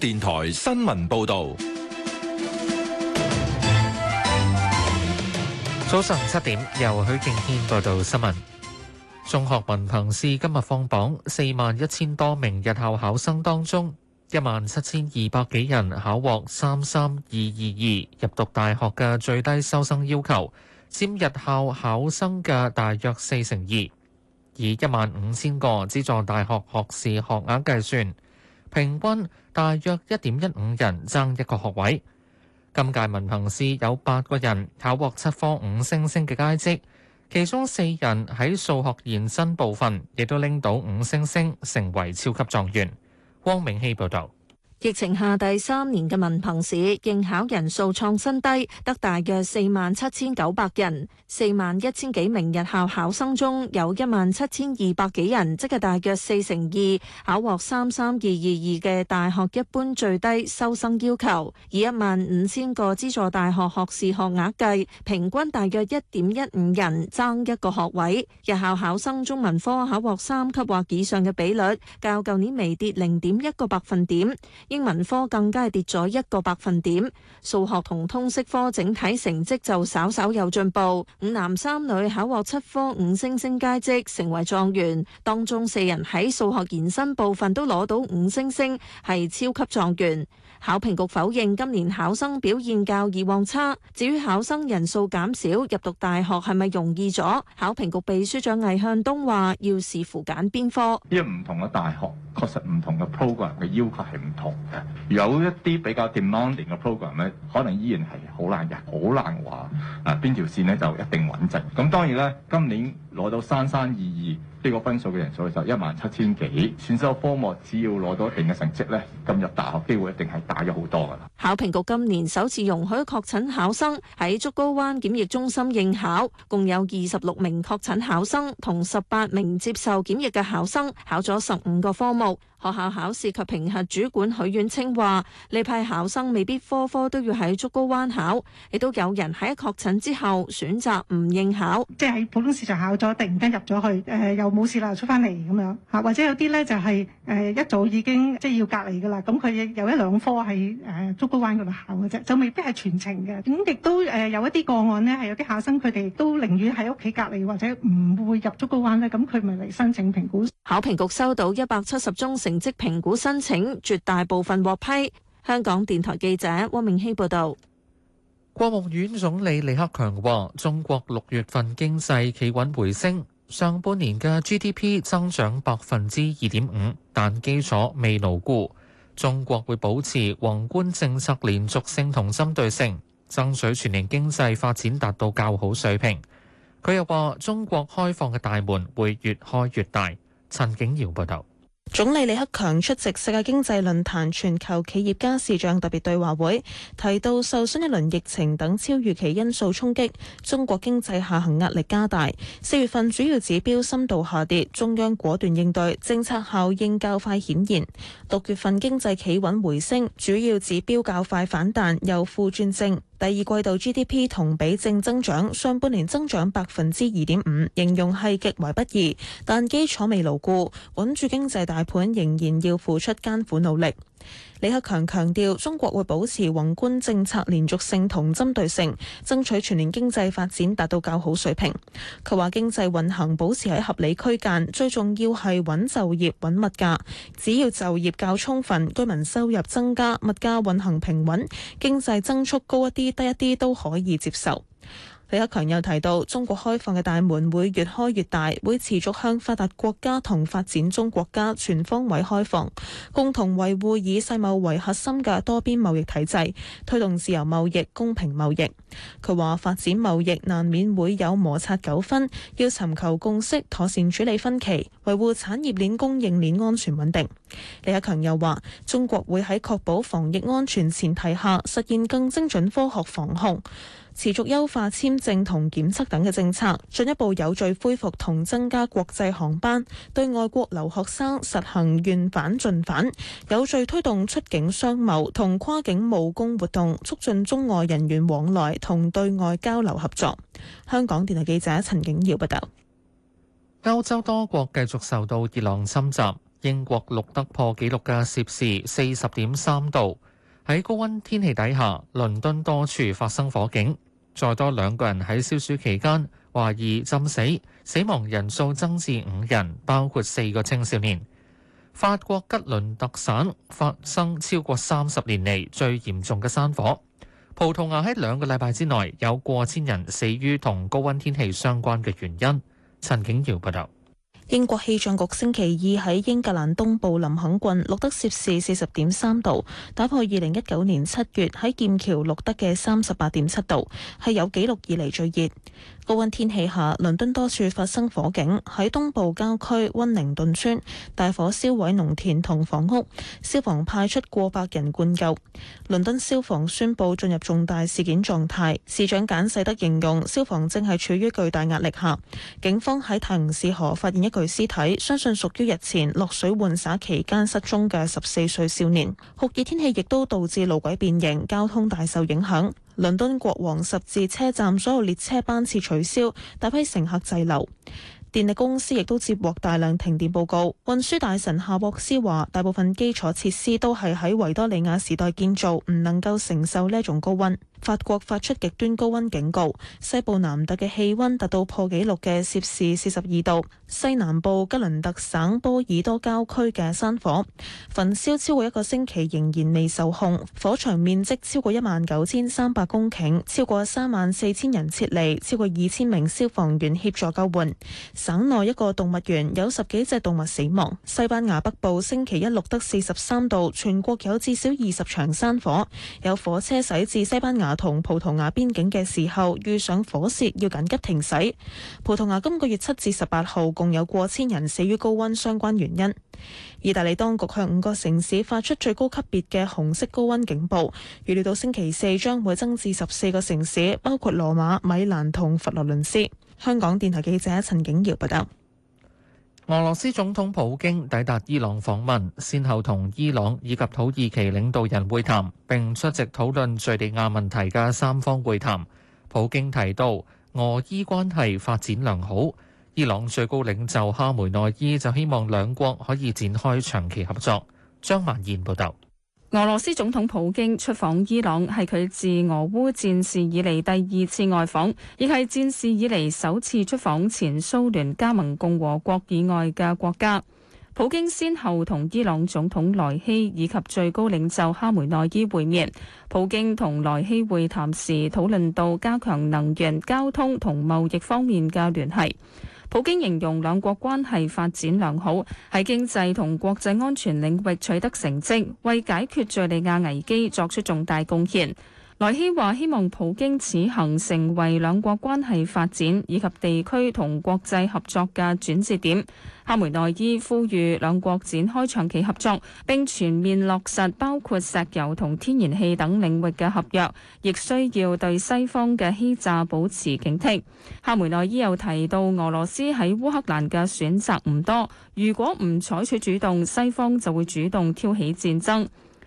電台新聞報道：早晨七點，由許敬軒報道新聞。中學文憑試今日放榜，四萬一千多名日校考生當中，一萬七千二百幾人考獲三三二二二入讀大學嘅最低收生要求，佔日校考生嘅大約四成二。以一萬五千個資助大學學士學額計算。平均大約一點一五人爭一個學位。今屆文憑試有八個人考獲七科五星星嘅佳績，其中四人喺數學延伸部分亦都拎到五星星，成為超級狀元。汪明希報導。疫情下第三年嘅文憑試應考人數創新低，得大約四萬七千九百人。四萬一千幾名日校考生中，有一萬七千二百幾人，即係大約四成二考獲三三二二二嘅大學一般最低收生要求。以一萬五千個資助大學學士學額計，平均大約一點一五人爭一個學位。日校考生中文科考獲三級或以上嘅比率，較舊年微跌零點一個百分點。英文科更加跌咗一個百分點，數學同通識科整體成績就稍稍有進步。五男三女考獲七科五星星佳績，成為狀元。當中四人喺數學延伸部分都攞到五星星，係超級狀元。考評局否認今年考生表現較以往差。至於考生人數減少入讀大學係咪容易咗？考評局秘書長魏向東話，要視乎揀邊科，因為唔同嘅大學確實唔同嘅 program 嘅要求係唔同嘅。有一啲比較 demanding 嘅 program 咧，可能依然係好難嘅，好難話啊邊條線咧就一定穩陣。咁當然啦，今年攞到三三二二呢個分數嘅人數就一萬七千幾，選修科目只要攞到一定嘅成績咧，咁入大學機會一定係。打咗好多㗎喇。考評局今年首次容許確診考生喺竹篙灣檢疫中心應考，共有二十六名確診考生同十八名接受檢疫嘅考生考咗十五個科目。學校考試及評核主管許遠清話：呢批考生未必科科都要喺竹篙灣考，亦都有人喺確診之後選擇唔應考，即係喺普通試場考咗，突然間入咗去，誒、呃、又冇事啦，出翻嚟咁樣吓，或者有啲咧就係、是、誒、呃、一早已經即係要隔離噶啦，咁佢有一兩科喺誒竹篙灣度考嘅啫，就未必係全程嘅。咁亦都誒有一啲個案呢係有啲考生佢哋都寧願喺屋企隔離或者唔會入竹篙灣咧，咁佢咪嚟申請評估。考評局收到一百七十宗成。即評估申請絕大部分獲批。香港電台記者汪明熙報道。國務院總理李克強話，中國六月份經濟企穩回升，上半年嘅 GDP 增長百分之二點五，但基礎未牢固。中國會保持宏觀政策連續性同針對性，爭取全年經濟發展達到較好水平。佢又話，中國開放嘅大門會越開越大。陳景瑤報道。總理李克強出席世界經濟論壇全球企業家視像特別對話會，提到受新一輪疫情等超預期因素衝擊，中國經濟下行壓力加大。四月份主要指標深度下跌，中央果斷應對，政策效應較快顯現。六月份經濟企穩回升，主要指標較快反彈，由負轉正。第二季度 GDP 同比正增長，上半年增長百分之二點五，形容係極為不易，但基礎未牢固，穩住經濟大盤仍然要付出艱苦努力。李克強強調，中國會保持宏觀政策連續性同針對性，爭取全年經濟發展達到較好水平。佢話經濟運行保持喺合理區間，最重要係穩就業、穩物價。只要就業較充分，居民收入增加，物價運行平穩，經濟增速高一啲，低一啲都可以接受。李克強又提到，中國開放嘅大門會越開越大，會持續向發達國家同發展中國家全方位開放，共同維護以世貿為核心嘅多邊貿易體制，推動自由貿易、公平貿易。佢話發展貿易難免會有摩擦糾紛，要尋求共識，妥善處理分歧，維護產，產業鏈、供應鏈安全穩定。李克強又話，中國會喺確保防疫安全前提下，實現更精準科學防控。持續優化簽證同檢測等嘅政策，進一步有序恢復同增加國際航班；對外國留學生實行願返盡返，有序推動出境商貿同跨境務工活動，促進中外人員往來同對外交流合作。香港電台記者陳景耀報道。歐洲多國繼續受到熱浪侵襲，英國錄得破紀錄嘅攝氏四十點三度。喺高温天氣底下，倫敦多處發生火警。再多兩個人喺消暑期間懷疑浸死，死亡人數增至五人，包括四個青少年。法國吉倫特省發生超過三十年嚟最嚴重嘅山火。葡萄牙喺兩個禮拜之內有過千人死於同高溫天氣相關嘅原因。陳景耀報導。英國氣象局星期二喺英格蘭東部林肯郡錄得攝氏四十點三度，打破二零一九年七月喺劍橋錄得嘅三十八點七度，係有記錄以嚟最熱。高温天氣下，倫敦多處發生火警，喺東部郊區溫寧頓村，大火燒毀農田同房屋，消防派出過百人灌救。倫敦消防宣布進入重大事件狀態，市長簡世德形容消防正係處於巨大壓力下，警方喺泰晤士河發現一具屍體，相信屬於日前落水玩耍期間失蹤嘅十四歲少年。酷熱天氣亦都導致路軌變形，交通大受影響。倫敦國王十字車站所有列車班次取消，大批乘客滯留。電力公司亦都接獲大量停電報告。運輸大臣夏博斯話，大部分基礎設施都係喺維多利亞時代建造，唔能夠承受呢一種高温。法國發出極端高温警告，西部南特嘅氣温達到破紀錄嘅攝氏四十二度。西南部吉倫特省波爾多郊區嘅山火，焚燒超過一個星期，仍然未受控，火場面積超過一萬九千三百公頃，超過三萬四千人撤離，超過二千名消防員協助救援。省內一個動物園有十幾隻動物死亡。西班牙北部星期一錄得四十三度，全國有至少二十場山火，有火車駛至西班牙同葡萄牙邊境嘅時候遇上火舌，要緊急停駛。葡萄牙今個月七至十八號，共有過千人死於高温相關原因。意大利當局向五個城市發出最高級別嘅紅色高温警報，預料到星期四將會增至十四個城市，包括羅馬、米蘭同佛羅倫斯。香港電台記者陳景瑤報道。俄羅斯總統普京抵達伊朗訪問，先後同伊朗以及土耳其領導人會談，並出席討論敘利亞問題嘅三方會談。普京提到，俄伊關係發展良好，伊朗最高領袖哈梅內伊就希望兩國可以展開長期合作。張曼燕報道。俄羅斯總統普京出訪伊朗，係佢自俄烏戰事以嚟，第二次外訪，亦係戰事以嚟首次出訪前蘇聯加盟共和國以外嘅國家。普京先後同伊朗總統萊希以及最高領袖哈梅內伊會面。普京同萊希會談時，討論到加強能源、交通同貿易方面嘅聯繫。普京形容兩國關係發展良好，喺經濟同國際安全領域取得成績，為解決敘利亞危機作出重大貢獻。萊希話：希望普京此行成為兩國關係發展以及地區同國際合作嘅轉折點。哈梅內伊呼籲兩國展開長期合作，並全面落實包括石油同天然氣等領域嘅合約，亦需要對西方嘅欺詐保持警惕。哈梅內伊又提到，俄羅斯喺烏克蘭嘅選擇唔多，如果唔採取主動，西方就會主動挑起戰爭。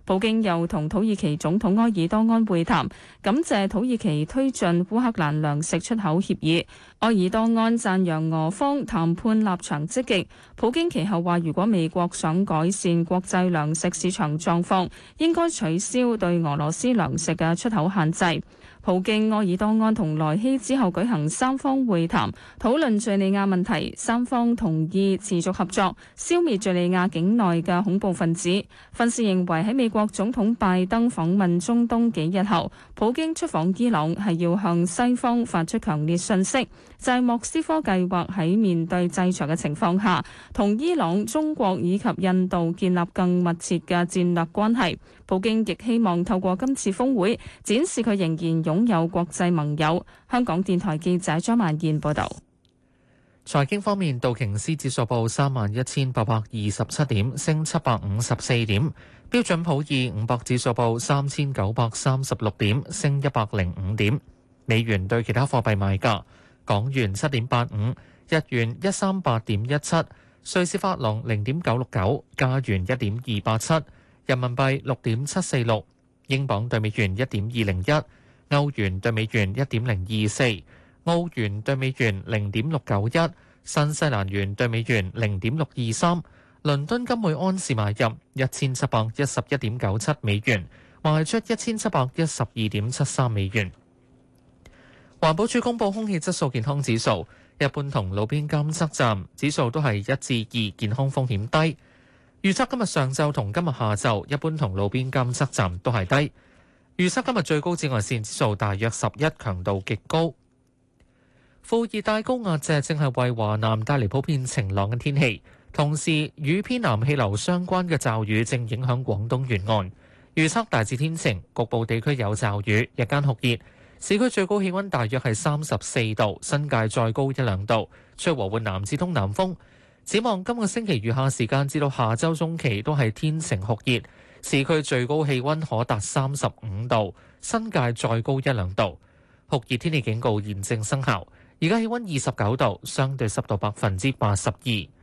普京又同土耳其總統埃爾多安會談，感謝土耳其推進烏克蘭糧食出口協議。埃爾多安讚揚俄方談判立場積極。普京其後話，如果美國想改善國際糧食市場狀況，應該取消對俄羅斯糧食嘅出口限制。普京、埃爾多安同萊希之後舉行三方會談，討論敍利亞問題。三方同意持續合作，消滅敍利亞境內嘅恐怖分子。分析認為，喺美國總統拜登訪問中東幾日後，普京出訪伊朗係要向西方發出強烈訊息，就係、是、莫斯科計劃喺面對制裁嘅情況下，同伊朗、中國以及印度建立更密切嘅戰略關係。普京亦希望透過今次峰會，展示佢仍然擁有國際盟友。香港電台記者張曼燕報道。財經方面，道瓊斯指數報三萬一千八百二十七點，升七百五十四點；標準普爾五百指數報三千九百三十六點，升一百零五點。美元對其他貨幣賣價：港元七點八五，日元一三八點一七，瑞士法郎零點九六九，加元一點二八七，人民幣六點七四六，英鎊對美元一點二零一。歐元對美元一點零二四，澳元對美元零點六九一，新西蘭元對美元零點六二三。倫敦金每盎司買入一千七百一十一點九七美元，賣出一千七百一十二點七三美元。環保署公布空氣質素健康指數，一般同路邊監測站指數都係一至二，2，健康風險低。預測今，上今日上晝同今日下晝，一般同路邊監測站都係低。預測今日最高紫外線指數大約十一，強度極高。副熱帶高壓脊正係為華南帶嚟普遍晴朗嘅天氣，同時與偏南氣流相關嘅驟雨正影響廣東沿岸。預測大致天晴，局部地區有驟雨，日間酷熱，市區最高氣温大約係三十四度，新界再高一兩度。吹和緩南至東南風。展望今個星期餘下時間至到下週中期，都係天晴酷熱。市區最高氣温可達三十五度，新界再高一兩度。酷熱天氣警告現正生效，而家氣温二十九度，相對濕度百分之八十二。